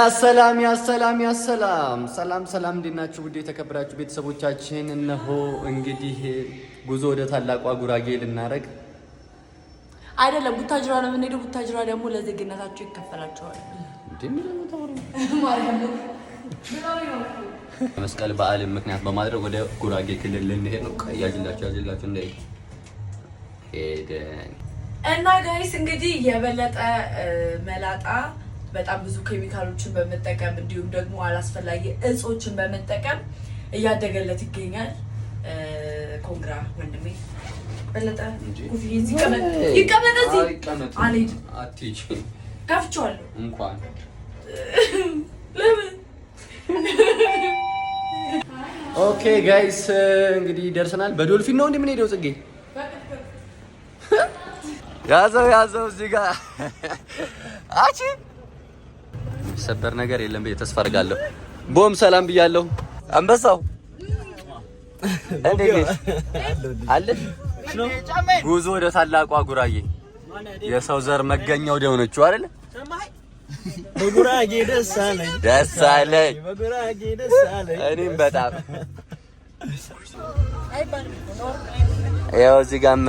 ያ ሰላም ያ ሰላም ያ ሰላም፣ ሰላም እንዴት ናችሁ? ውድ የተከበራችሁ ቤተሰቦቻችን፣ እነሆ እንግዲህ ጉዞ ወደ ታላቋ ጉራጌ ልናረግ አይደለም፣ ቡታጅራ ነው የምንሄደው። ቡታጅራ ደግሞ ለዜግነታቸው ይከፈላቸዋል። መስቀል በዓል ምክንያት በማድረግ ወደ ጉራጌ ክልል ልንሄድ ነው። ያጅላቸው ያጅላቸው እንዳይ ሄደን እና ጋይስ እንግዲህ የበለጠ መላጣ በጣም ብዙ ኬሚካሎችን በመጠቀም እንዲሁም ደግሞ አላስፈላጊ እጾችን በመጠቀም እያደገለት ይገኛል። ኮንግራ ወንድሜ በለጠ ከፍቼዋለሁ እንኳን ኦኬ ጋይስ እንግዲህ ደርሰናል። በዶልፊን ነው ሄደው ጽጌ ያዘው ያዘው እዚህ ጋር አቺ የሚሰበር ነገር የለም ብዬ ተስፋ አድርጋለሁ። ቦም ሰላም ብያለሁ። አንበሳው እንዴት ነሽ? አለ ጉዞ ወደ ታላቋ ጉራጌ የሰው ዘር መገኛው ወደ ሆነችው አይደል? በጉራጌ ደስ አለኝ ደስ አለኝ በጉራጌ ደስ አለኝ። እኔም በጣም ያው እዚህ ጋርም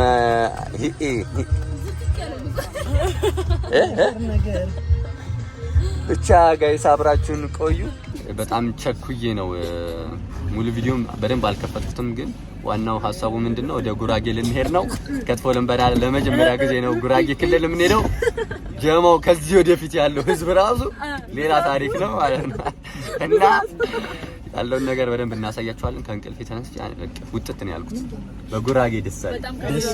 ብቻ ጋይስ አብራችሁን ቆዩ። በጣም ቸኩዬ ነው ሙሉ ቪዲዮም በደንብ አልከፈትኩትም፣ ግን ዋናው ሀሳቡ ምንድን ነው? ወደ ጉራጌ ልንሄድ ነው። ከትፎ ልንበላ ለመጀመሪያ ጊዜ ነው ጉራጌ ክልል የምንሄደው። ጀማው ከዚህ ወደፊት ያለው ህዝብ ራሱ ሌላ ታሪክ ነው ማለት ነው እና ያለውን ነገር በደንብ እናሳያችኋለን። ከእንቅልፍ የተነስቼ ውጥት ነው ያልኩት። በጉራጌ ደስ አለኝ።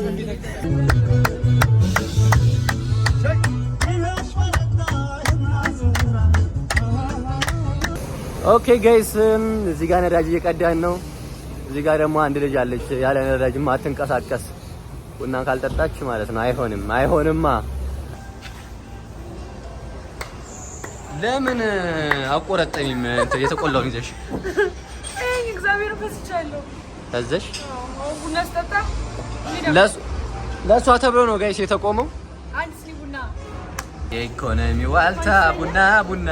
ኦኬ ጋይስ እዚህ ጋር ነዳጅ እየቀዳን ነው። እዚህ ጋር ደግሞ አንድ ልጅ አለች፣ ያለ ነዳጅ አትንቀሳቀስ ቡና ካልጠጣች ማለት ነው። አይሆንም፣ አይሆንማ። ለምን አቆረጠኝም? የተቆላውን ይዘሽ ታዘሽ ለእሷ ተብሎ ነው ጋይስ የተቆመው። የኢኮኖሚ ዋልታ ቡና ቡና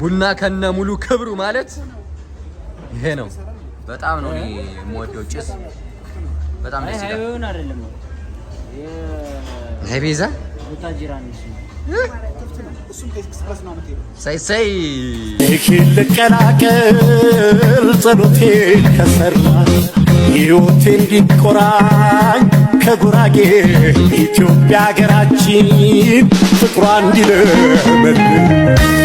ቡና ከነ ሙሉ ክብሩ ማለት ይሄ ነው። በጣም ነው እኔ የምወደው ጭስ በጣም ደስ ይላል። ይሄ ቤዛ ሳይሳይ ልኬን ልቀላቀል ጸሎቴን ከሰራ ሕይወቴ እንዲቆራኝ ከጉራጌ ኢትዮጵያ ሀገራችን ፍቅሯ እንዲለመልም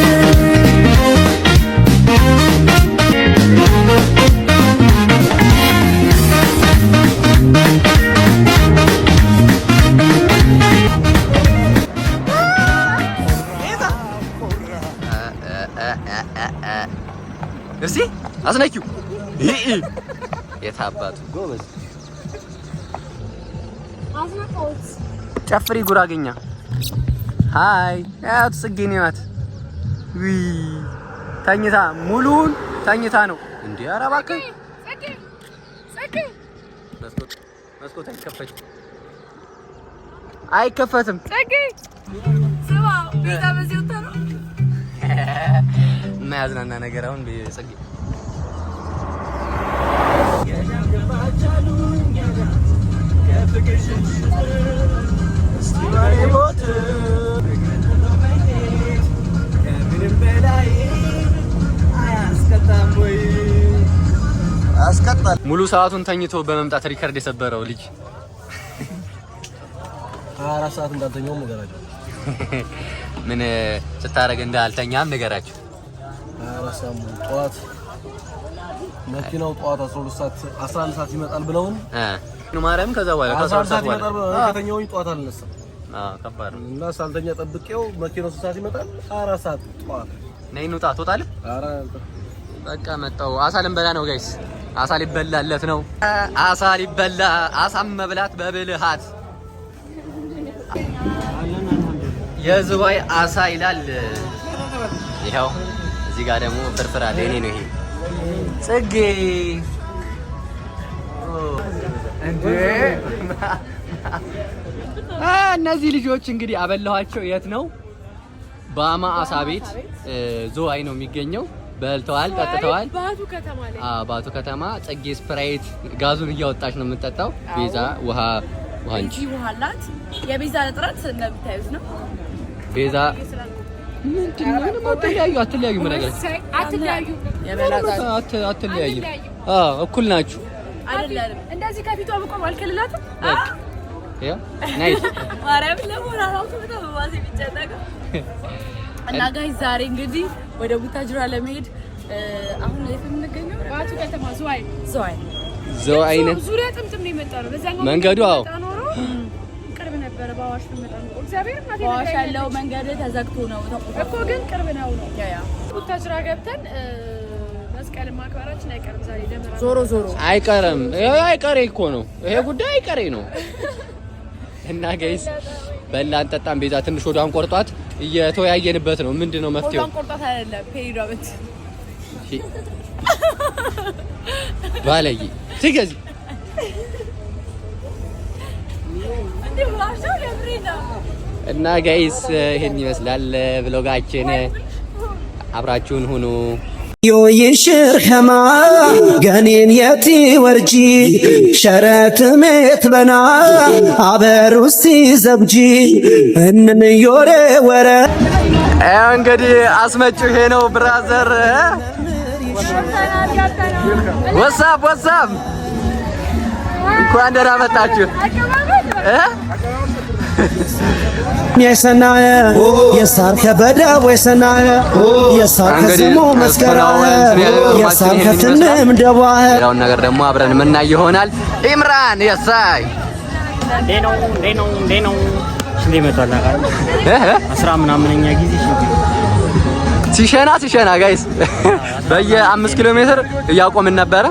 አስነኪው። አባቱ ጎበዝ ጨፍሪ ጉራገኛ። ሀይ አያቱ ጽጌ ናት። ዊ ተኝታ ሙሉን ተኝታ ነው እንዴ? ኧረ እባክህ መስኮት አይከፈትም፣ አይከፈትም። የሚያዝናና ነገር አሁን ጽጌ ሙሉ ሰዓቱን ተኝቶ በመምጣት ሪከርድ የሰበረው ልጅ አራት ሰዓት እንዳልተኛውም ነገራቸው። ምን ስታደርግ እንዳልተኛም ነገራቸው። ጠዋት መኪናው ጠዋት 11 ሰዓት ይመጣል ብለውን ነው ማርያም ከዛ በኋላ ከሰዓት ሰዓት ይመጣል። ከተኛሁኝ ጠዋት አልነሳም። አዎ ከባድ ነው እና ሳልተኛ ጠብቄው መኪናው ስንት ሰዓት ይመጣል? አራት ሰዓት ጠዋት። ነይ እንውጣ። ትወጣለህ? ኧረ በቃ መጣሁ። አሳ ልንበላ ነው ጋይስ። አሳ ሊበላለት ነው። አሳ ሊበላ አሳም መብላት በብልሃት የዝዋይ አሳ ይላል። ይኸው እዚህ ጋር ደግሞ ፍርፍር አለ። የእኔ ነው ይሄ ጽጌ እነዚህ ልጆች እንግዲህ አበላኋቸው። የት ነው? በአማ አሳ ቤት ዞዋይ ነው የሚገኘው። በልተዋል፣ ጠጥተዋል። ባቱ ከተማ ጽጌ ስፕራይት ጋዙን እያወጣች ነው የምንጠጣው። ቤዛ ውሃ ዋንጭ ውሃላት። የቤዛ እጥረት እንደምታዩት ነው። ቤዛ ምንድን ነው? አትለያዩ፣ እኩል ናችሁ። አይደለም። እንደዚህ ከፊቷ በቆም አልከልላትም። እና ጋይ ዛሬ እንግዲህ ወደ ቡታጅራ ለመሄድ አሁን የት የምንገኘው? ባቱ ከተማ ዝዋይ ዝዋይ አይነት ዙሪያ ጥምጥም ነው የመጣ ነው። መንገዱ አዎ ቅርብ ነበረ። በአዋሽ ነው። እግዚአብሔር ያለው መንገድ ተዘግቶ ነው እኮ ግን ቅርብ ነው ነው ቡታጅራ ገብተን ዞሮ ዞሮ አይቀርም። አይቀሬ እኮ ነው ይሄ ጉዳይ አይቀሬ ነው። እና ገይስ በላ አንጠጣም። ቤዛ ትንሽ ወዷን ቆርጧት እየተወያየንበት ነው። ምንድን ነው መፍትሄው? ባለይ ትገዚ እና ጋይስ ይህን ይመስላል ብሎጋችን። አብራችሁን ሁኑ። የወይንሽር ኸማ ገኒን የቲ ወርጂ ሸረት ሜት በና አበር ውስቲ ዘብጂ እንን ዮሬ ወረ እንግዲህ አስመጩ ሄ ነው ብራዘር ወሳብ ወሳብ እንኳን ደህና መጣችሁ። የሰናየ የሳር ከበደ ወይሰናየ የሳር ከስሙ መስከረ የሳር ከትንም ደባህ ያው ነገር ደግሞ አብረን የምናይ ይሆናል። ኢምራን የሳይ ሲሸና ሲሸና ጋይስ በየአምስት ኪሎ ሜትር እያቆምን ነበረ።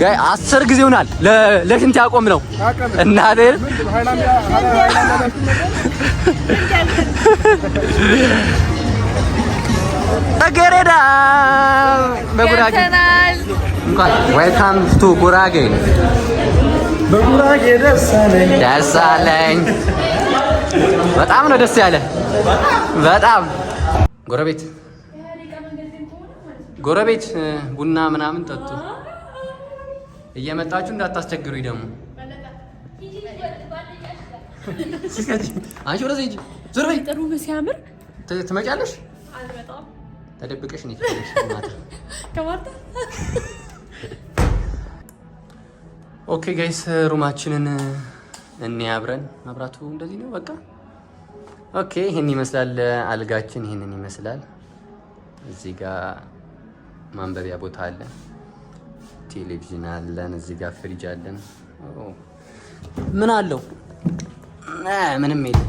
ጋይ አስር ጊዜ ሆናል ለሽንት ያቆም ነው እና ተገሬዳ በጉራጌ እንኳን ዌልካም ቱ ጉራጌ በጉራጌ በጣም ነው ደስ ያለ በጣም ጎረቤት ጎረቤት ቡና ምናምን ጠጡ። እየመጣችሁ እንዳታስቸግሩኝ ደግሞ። አንቺ ወደዚህ ሂጂ፣ ዞር በይ። ጥሩ ሲያምር ትመጫለሽ። ተደብቀሽ ነው ከማርታ። ኦኬ ጋይስ ሩማችንን እንያብረን መብራቱ እንደዚህ ነው በቃ። ኦኬ ይህን ይመስላል አልጋችን፣ ይህንን ይመስላል እዚህ ጋር ማንበቢያ ቦታ አለ፣ ቴሌቪዥን አለን፣ እዚህ ጋር ፍሪጅ አለን። ምን አለው? ምንም የለም።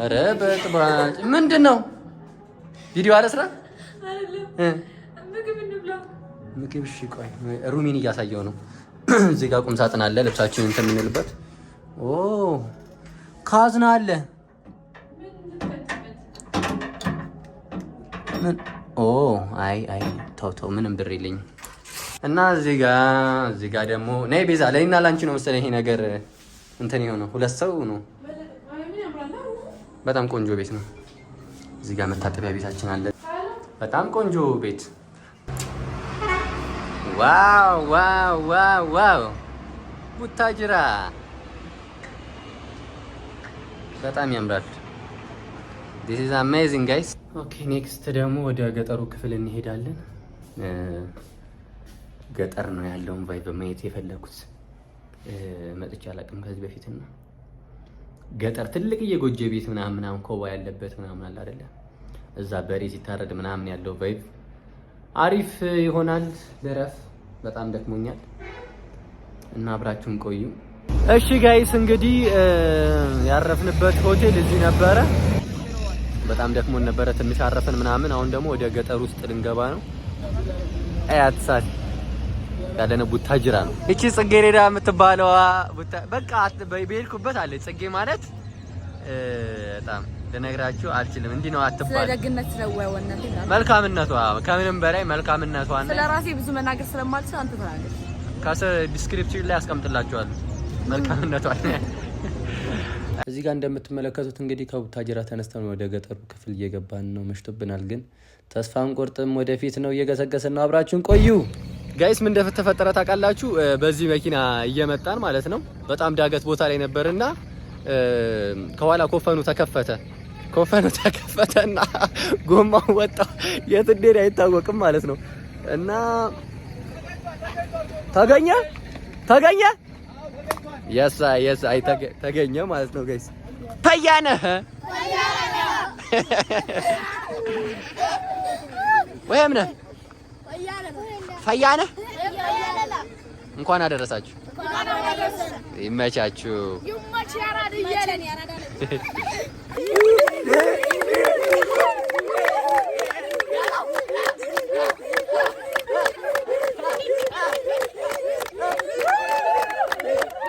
ኧረ በጥባጭ ምንድን ነው? ቪዲዮ አለ ስራ ምግብ። እሺ ቆይ ሩሚን እያሳየው ነው። እዚህ ጋር ቁም ሳጥን አለ፣ ልብሳችን እንትን የምንልበት ካዝና አለ። ኦ አይ አይ ቶቶ ምንም ብር የለኝም። እና እዚህ ጋ እዚህ ጋ ደግሞ ነይ ቤዛ፣ ለእኔና ላንቺ ነው መሰለኝ ይሄ ነገር እንትን የሆነው ሁለት ሰው ነው። በጣም ቆንጆ ቤት ነው። እዚህ ጋ መታጠቢያ ቤታችን አለ። በጣም ቆንጆ ቤት። ዋው ዋው ዋው ዋው! ቡታጅራ በጣም ያምራል። ዲስ ኢዝ አሜዚንግ ጋይስ ኦኬ ኔክስት ደግሞ ወደ ገጠሩ ክፍል እንሄዳለን። ገጠር ነው ያለውን ቫይብ ማየት የፈለኩት መጥቼ አላውቅም ከዚህ በፊትና ገጠር ትልቅዬ ጎጆ ቤት ምናምን ምናምን ኮባ ያለበት ምናምን አለ አይደለ? እዛ በሬ ሲታረድ ምናምን ያለው ቫይብ አሪፍ ይሆናል። ልረፍ፣ በጣም ደክሞኛል እና አብራችሁን ቆዩ። እሺ ጋይስ እንግዲህ ያረፍንበት ሆቴል እዚህ ነበረ። በጣም ደክሞን ነበረ። ትንሽ አረፈን ምናምን። አሁን ደግሞ ወደ ገጠር ውስጥ ልንገባ ነው። አያትሳል ሳት ያለነ ቡታጅራ ነው። እቺ ጽጌ ጽጌሬዳ የምትባለዋ በቃ በሄድኩበት አለ ጽጌ ማለት በጣም ልነግራችሁ አልችልም። እንዲህ ነው አትባል። ስለደግነት መልካምነቷ፣ ከምንም በላይ መልካምነቷ ነው። ስለራሴ ብዙ መናገር ስለማልችል አንተ ተናገር። ከስር ዲስክሪፕሽን ላይ አስቀምጥላችኋለሁ መልካምነቷ እዚህ ጋር እንደምትመለከቱት እንግዲህ ከቡታጅራ ተነስተን ወደ ገጠሩ ክፍል እየገባን ነው። መሽቶብናል፣ ግን ተስፋን ቆርጥም ወደፊት ነው እየገሰገሰን ነው። አብራችሁን ቆዩ ጋይስ። ምን እንደተፈጠረ ታውቃላችሁ? በዚህ መኪና እየመጣን ማለት ነው። በጣም ዳገት ቦታ ላይ ነበርና ከኋላ ኮፈኑ ተከፈተ ኮፈኑ ተከፈተና ጎማው ወጣ። የት እንደሄደ አይታወቅም ማለት ነው እና ተገኘ ተገኘ የሳ የሳ አይ ተገኘ ማለት ነው ጋይስ። ፈያነ ወይም ነህ ፈያነ እንኳን አደረሳችሁ። ይመቻችሁ።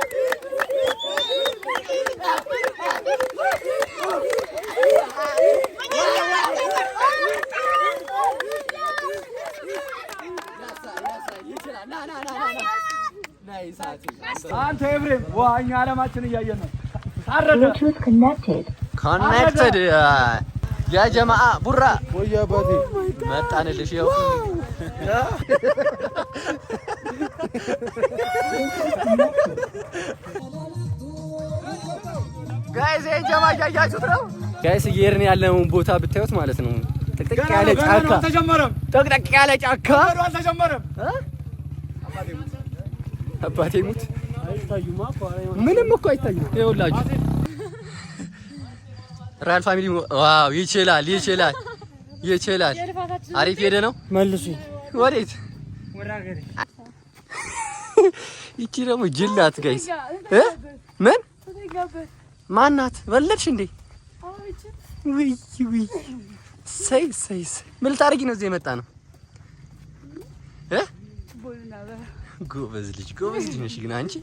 እኛ አለማችን እያየን ነው። ኮኔክትድ ያ ጀማአ ቡራ ወይ አባቴ oh መጣንልሽ። ጋይስ እየሄድን ያለውን ቦታ ብታዩት ማለት ነው ጥቅጥቅ ያለ ጫካ ጥቅጥቅ ያለ ጫካ አባቴ ሙት አይታዩማ ምንም እኮ አይታየም። ይኸውላችሁ ራያል ፋሚሊ ዋው! ይችላል ይችላል ይችላል። አሪፍ ሄደ ነው። መልሱ። ወዴት? ይቺ ደግሞ ጅላት ጋይስ እ ምን ማናት? በለድሽ እንዴ? ውይ ውይ! ሰይ ሰይ ሰይ! ምን ልታረጊ ነው? እዚህ የመጣ ነው ጎበዝ ልጅ ጎበዝ ልጅ ነሽ ግን አንቺ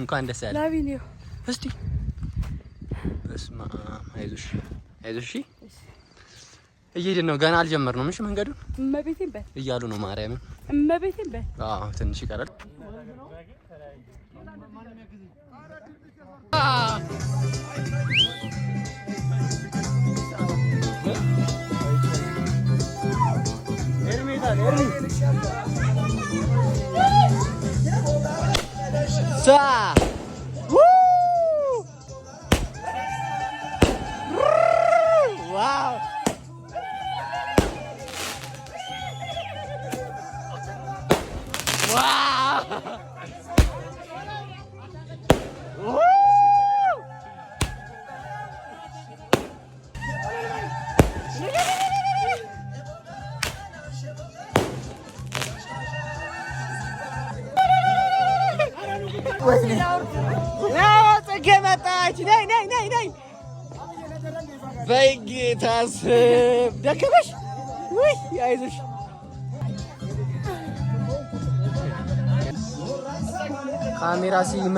እንኳን ደስ ያለ እስቲ እስማ አይዞሽ፣ አይዞሽ እየሄድን ነው። ገና አልጀመርነውም። እሺ መንገዱን እመቤቴን በል እያሉ ነው። ማርያም እመቤቴን በል። አዎ ትንሽ ይቀራል። 在。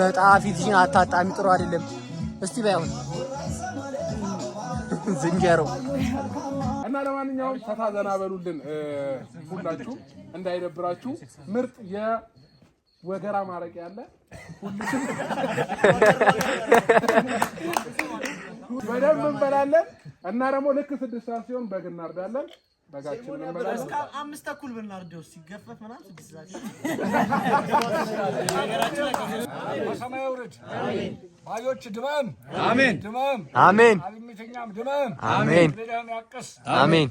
ስትመጣ ፊትሽን አታጣሚ፣ ጥሩ አይደለም። እስቲ ባይሆን ዝንጀሮ እና ለማንኛውም ፈታ ዘና በሉልን ሁላችሁ፣ እንዳይደብራችሁ ምርጥ የወገራ ማረቂያ አለ። በደንብ እንበላለን እና ደግሞ ልክ ስድስት ሰዓት ሲሆን በግ እናርዳለን። አምስት ተኩል ብናርድ ሲገፈፍ ምናምን ድመም አሜን ድመም አሜን አሜን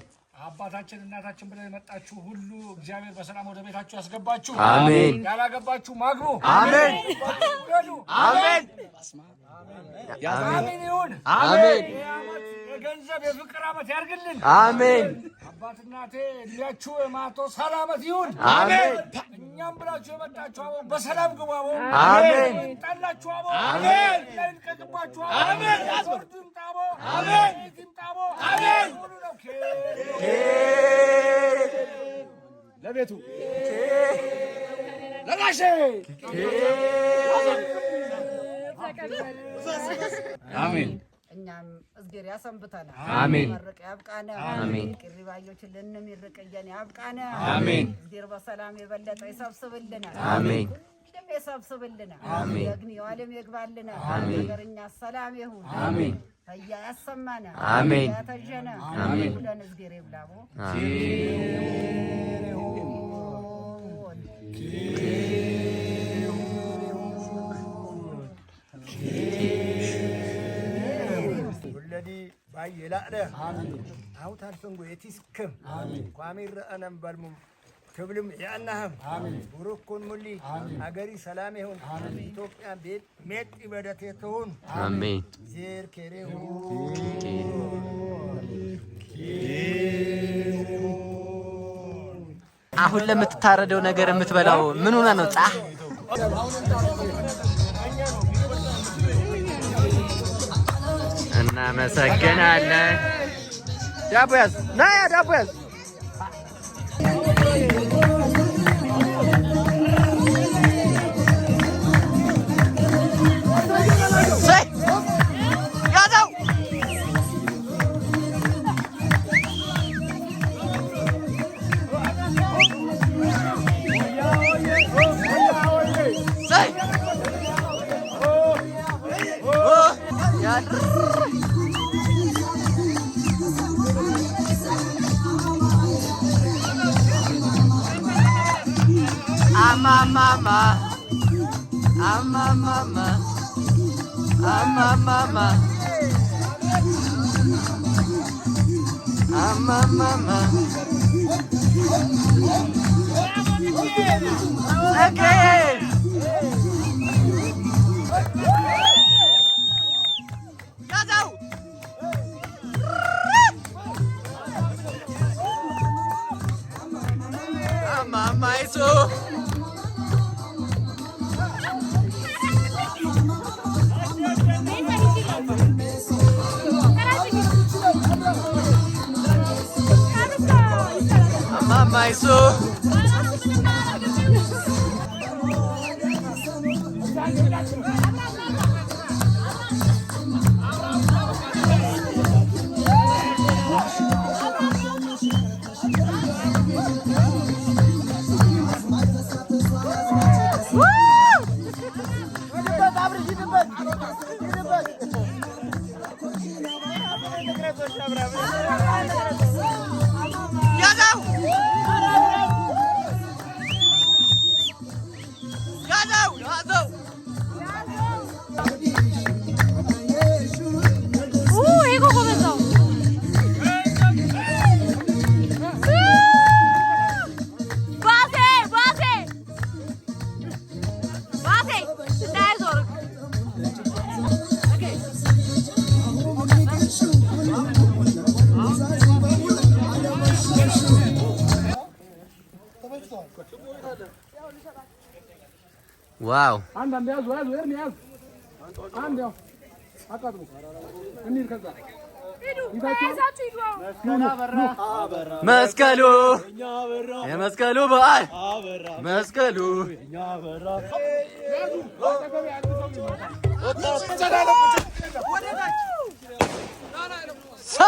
አባታችን እናታችን ብለን የመጣችሁ ሁሉ እግዚአብሔር በሰላም ወደ ቤታችሁ ያስገባችሁ። አሜን። ያላገባችሁ ማግቡ። አሜን። አሜን። አሜን ይሁን። አሜን። የገንዘብ የፍቅር ዓመት ያርግልን። አሜን። አባት እናቴ እድሜያችሁ የማቶ ሰላመት ይሁን። አሜን። እኛም ብላችሁ የመጣችሁ አበው በሰላም ግቡ። አበው አሜን። ጠላችሁ አበው አሜን። ለልቀቅባችሁ አሜን። ያዝወርዱ ይምጣ አሜን። ይምጣ አበው አሜን። ለቤቱ ለጋሼ አሜን። እኛም እግዜር ያሰንብተናል። አሜን። መርቅ ያብቃነ። አሜን። ቅሪ ባዮች ልንሚርቅ እየን ያብቃነ። አሜን። እግዜር በሰላም የበለጠ ይሰብስብልናል። አሜን። ሁሉም ይሰብስብልናል። አሜን። ደግን የዋለም ይግባልናል። አሜን። ነገርኛ ሰላም ይሁን። አሜን። ህያ ያሰማነ። አሜን። ያተጀነ። አሜን። ሁለን እግዜር ይብላቦ ሲሬሆን ረዲ ባየላዕለ አውታር ሰንጎ የቲስክም ኳሚ ረአነም በልሙ ክብልም የአናህም ቡሩኩን ሙሊ አገሪ ሰላም ይሁን ኢትዮጵያ ቤት ሜጥ ይበደት ትሁን አሜን ዜር ኬሬሁ አሁን ለምትታረደው ነገር የምትበላው ምን ሆነ ነው ጻህ እናመሰግናለን። ዳቦ ያዝ ና ዳቦ ያዝ ah mama, ah mama, ah mama. Okay. So. አንድ ያዙ ያዙ ኤርሚ ያዙ። አንድ ያው አቃጥሙ እንሂድ። ከዛ መስቀሉ የመስቀሉ በዓል መስቀሉ ሳ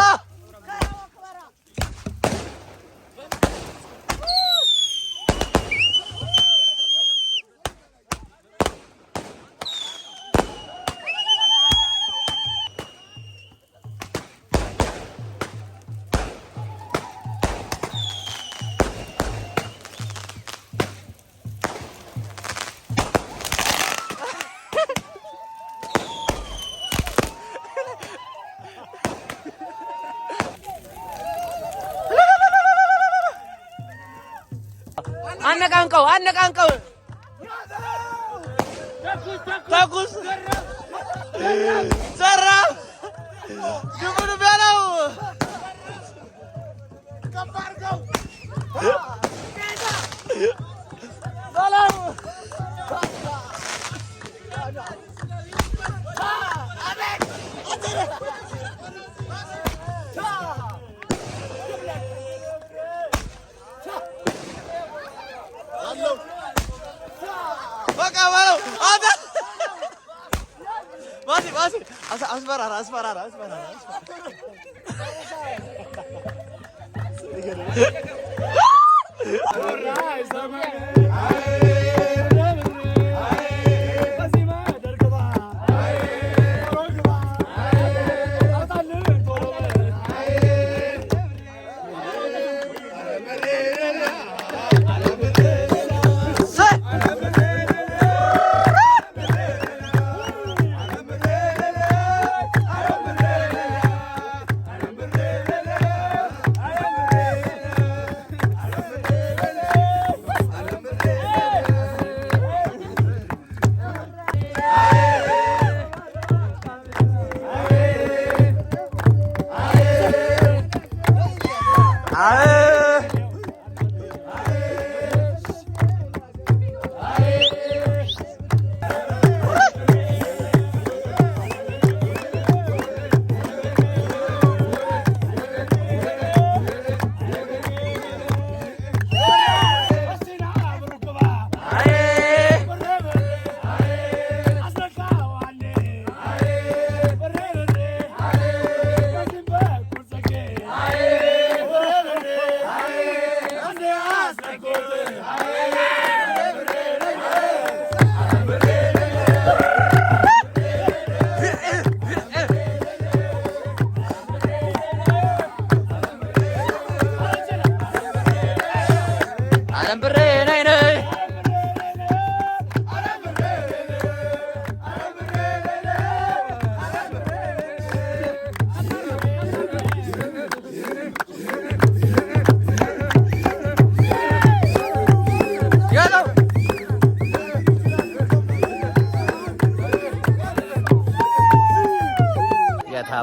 አነቃንቀው አነቃንቀው ተኩስ ተኩስ ሰራ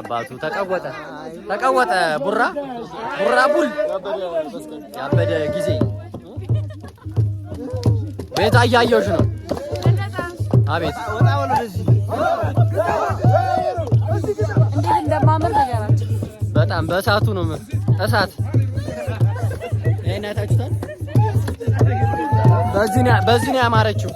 አባቱ ተቀወጠ ተቀወጠ። ቡራ ቡራ ቡል ያበደ ጊዜ ቤት አያየሁሽ ነው። አቤት በጣም በእሳቱ ነው። እሳት ይሄን በዚህ ነው ያማረችው።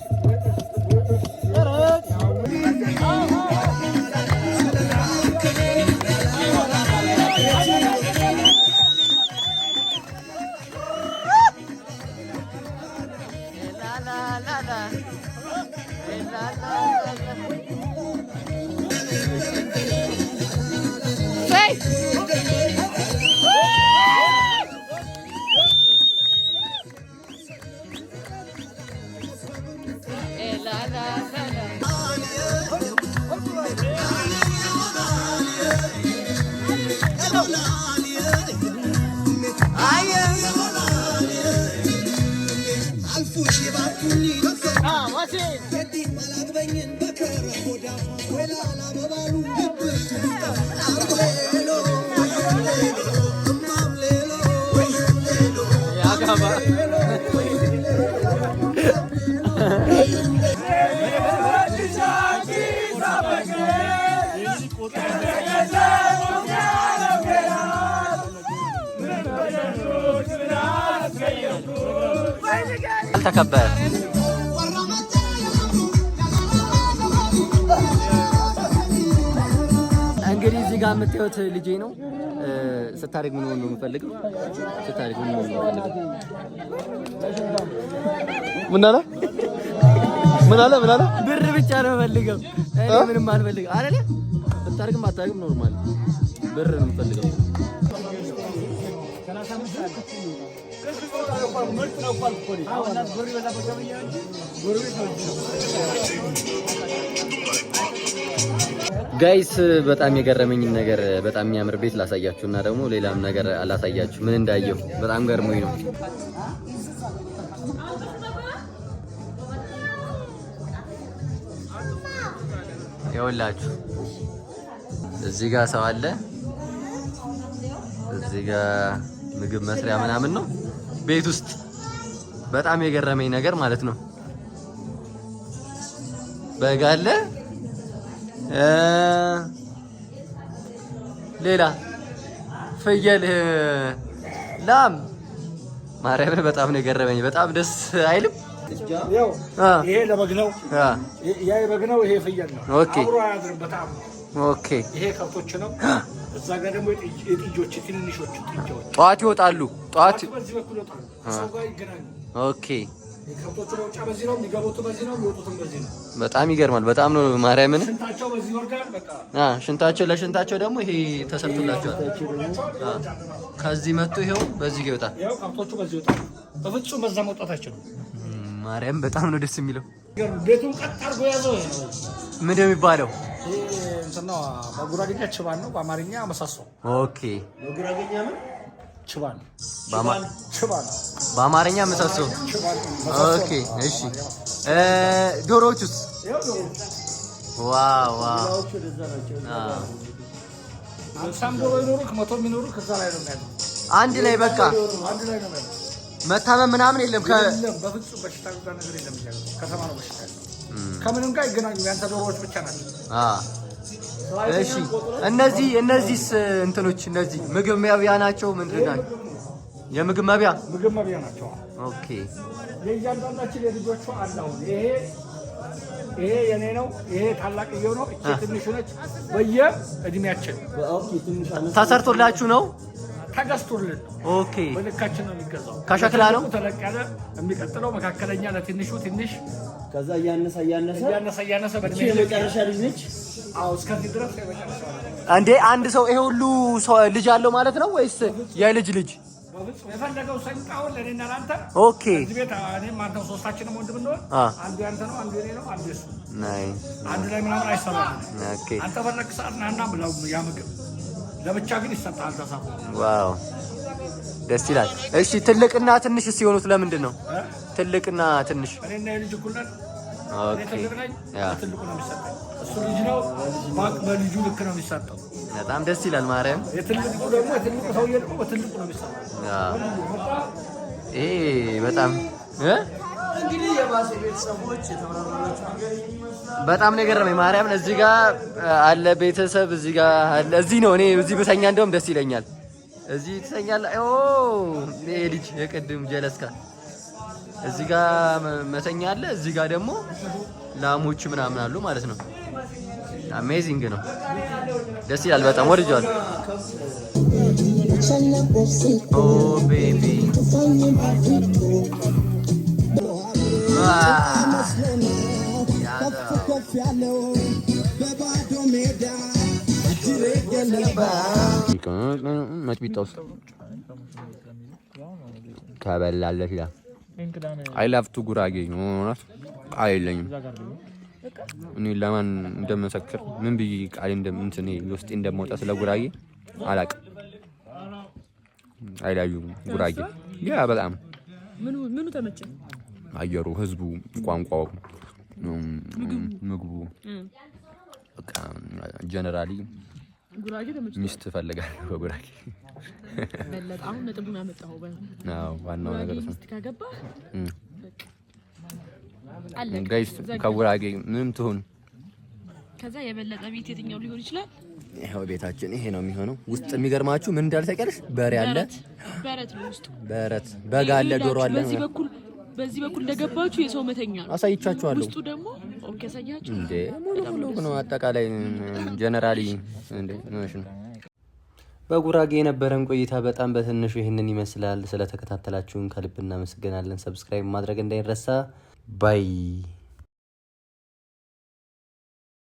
ገባ። ተከበረ እንግዲህ እዚህ ጋር የምታዩት ልጄ ነው። ስታደርግ ምን ሆኖ ነው የምፈልገው? ስታደርግ ምን ሆኖ ነው የምፈልገው? ምን አለ ምን አለ ምን አለ? ብር ብቻ ነው የምፈልገው። እኔ ምንም አልፈልግም አይደለ? ስታደርግም አታደርግም ኖርማል፣ ብር ነው የምፈልገው። ጋይስ በጣም የገረመኝ ነገር በጣም የሚያምር ቤት ላሳያችሁ እና ደግሞ ሌላም ነገር አላሳያችሁ። ምን እንዳየው በጣም ገርሞኝ ነው። ይኸውላችሁ እዚህ ጋር ሰው አለ። እዚህ ጋር ምግብ መስሪያ ምናምን ነው ቤት ውስጥ በጣም የገረመኝ ነገር ማለት ነው። በጋለ አለ ሌላ ፍየል፣ ላም ማርያም በጣም ነው የገረመኝ። በጣም ደስ አይልም? ይሄ ለበግ ነው፣ ያ የበግ ነው፣ ይሄ ፍየል ነው። ኦኬ ኦኬ። ይሄ ከብቶች ነው። እዛ ጋር ደግሞ የጥጆች ትንንሾቹ ጥጃዎች ጠዋት ይወጣሉ። ጠዋት በዚህ በኩል ይወጣሉ። ሰው ጋር ይገናኙ። ኦኬ የከብቶቹ መውጫ በዚህ ነው፣ የሚገቡት በዚህ ነው፣ የሚወጡትም በዚህ ነው። በጣም ይገርማል። በጣም ነው ማርያምን። ሽንታቸው በዚህ ይወርዳል። በቃ አዎ፣ ሽንታቸው ለሽንታቸው ደግሞ ይሄ ተሰርቶላቸዋል። አዎ፣ ከዚህ መጥቶ ይሄው በዚህ ይወጣል። ይሄው ከብቶቹ በዚህ ይወጣል። በፍጹም በዛ መውጣታቸው ነው። ማርያም በጣም ነው ደስ የሚለው። ቤቱን ቀጥ አድርጎ ያዘው። ምን የሚባለው እንትና በጉራጌኛ ችባን ነው፣ በአማርኛ መሳሶ። ኦኬ፣ በጉራጌኛ ምን ችባን በአማርኛ መሳሰሉ። ኦኬ እሺ። ዶሮዎች አንድ ላይ በቃ መታመም ምናምን የለም። በፍጹም በሽታ ነገር የለም። ከተማ ነው በሽታ ከምንም ጋር ይገናኙ። ያንተ ዶሮዎች ብቻ ናቸው። እሺ እነዚህ እነዚህስ እንትኖች እነዚህ ምግብ መብያ ናቸው። ምንድን ናቸው? የምግብ መብያ ምግብ መብያ ናቸው። ኦኬ የእያንዳንዳችን የልጆቹ አላው ይሄ ይሄ የኔ ነው። ይሄ ታላቅዬው ነው። እቺ ትንሹ ነች። በየ እድሜያችን ተሰርቶላችሁ ነው ተገዝቶልን። ኦኬ በልካችን ነው የሚገዛው። ከሸክላ ነው ተለቅ ያለ የሚቀጥለው መካከለኛ ለትንሹ ትንሽ ከዛ እያነሰ እያነሰ እያነሰ እያነሰ በእድሜ መጨረሻ ልጅ ነች እንዴ አንድ ሰው ይሄ ሁሉ ልጅ አለው ማለት ነው ወይስ የልጅ ልጅ? የፈለገው ኦኬ። አንዱ ነው፣ ዋው ደስ ይላል። እሺ ትልቅና ትንሽ ሲሆኑት ለምንድን ነው ትልቅና ትንሽ? እኔና የልጅ እኩል ነን እሱ ልጅ ነው፣ በልጁ ልክ ነው የሚሰጠው። በጣም ደስ ይላል። ማርያም የትልቁ ደግሞ የትልቁ ሰውዬ ደግሞ በትልቁ ነው የሚሰጠው። ይሄ በጣም እንግዲህ የባሴ ቤተሰቦች ነገር በጣም ነው የገረመኝ። ማርያም እዚህ ጋር አለ ቤተሰብ፣ እዚህ ጋር እዚህ ነው እኔ እዚህ ብተኛ እንደውም ደስ ይለኛል። እዚህ ትተኛለህ። ኦ ልጅ የቅድም ጀለስካ እዚህ ጋር መተኛ አለ። እዚህ ጋር ደግሞ ላሞች ምናምን አሉ ማለት ነው። አሜዚንግ ነው። ደስ ይላል። በጣም ወድጀዋል። ኦ ቤቢ መጭቢጣ ውስጥ ከበላለች ላ አይ አይላፍቱ ጉራጌ ነው ሆናት ቃል የለኝም። እኔ ለማን እንደመሰክር ምን ብዬ ቃል እንትን ውስጤ እንደመውጣ ስለ ጉራጌ አላቅም። አይላዩም ጉራጌ ያ በጣም ምኑ ተመቸ? አየሩ፣ ህዝቡ፣ ቋንቋው፣ ምግቡ በቃ ጀነራሊ ሚስት ፈልጋለሁ በጉራጌ አሁን ነጥቡን ዋናው ነገር ጋይስ ከጉራጌ ምንም ትሁን ከዛ የበለጠ ቤት የትኛው ሊሆን ይችላል? ይኸው ቤታችን ይሄ ነው የሚሆነው። ውስጥ የሚገርማችሁ ምን እንዳለ ታውቂያለሽ? በሬ አለ፣ በረት ነው ውስጥ በረት፣ በግ አለ፣ ዶሮ አለ። በዚህ በኩል በዚህ በኩል እንደገባችሁ የሰው መተኛ ነው። አሳይቻችኋለሁ። ውስጡ ደግሞ ኦኬ፣ አሳያችሁ እንዴ ሙሉ ሙሉ ነው አጠቃላይ ጀነራሊ እንዴ ነው በጉራጌ የነበረን ቆይታ በጣም በትንሹ ይህንን ይመስላል። ስለተከታተላችሁን ከልብ እናመሰግናለን። ሰብስክራይብ ማድረግ እንዳይረሳ። ባይ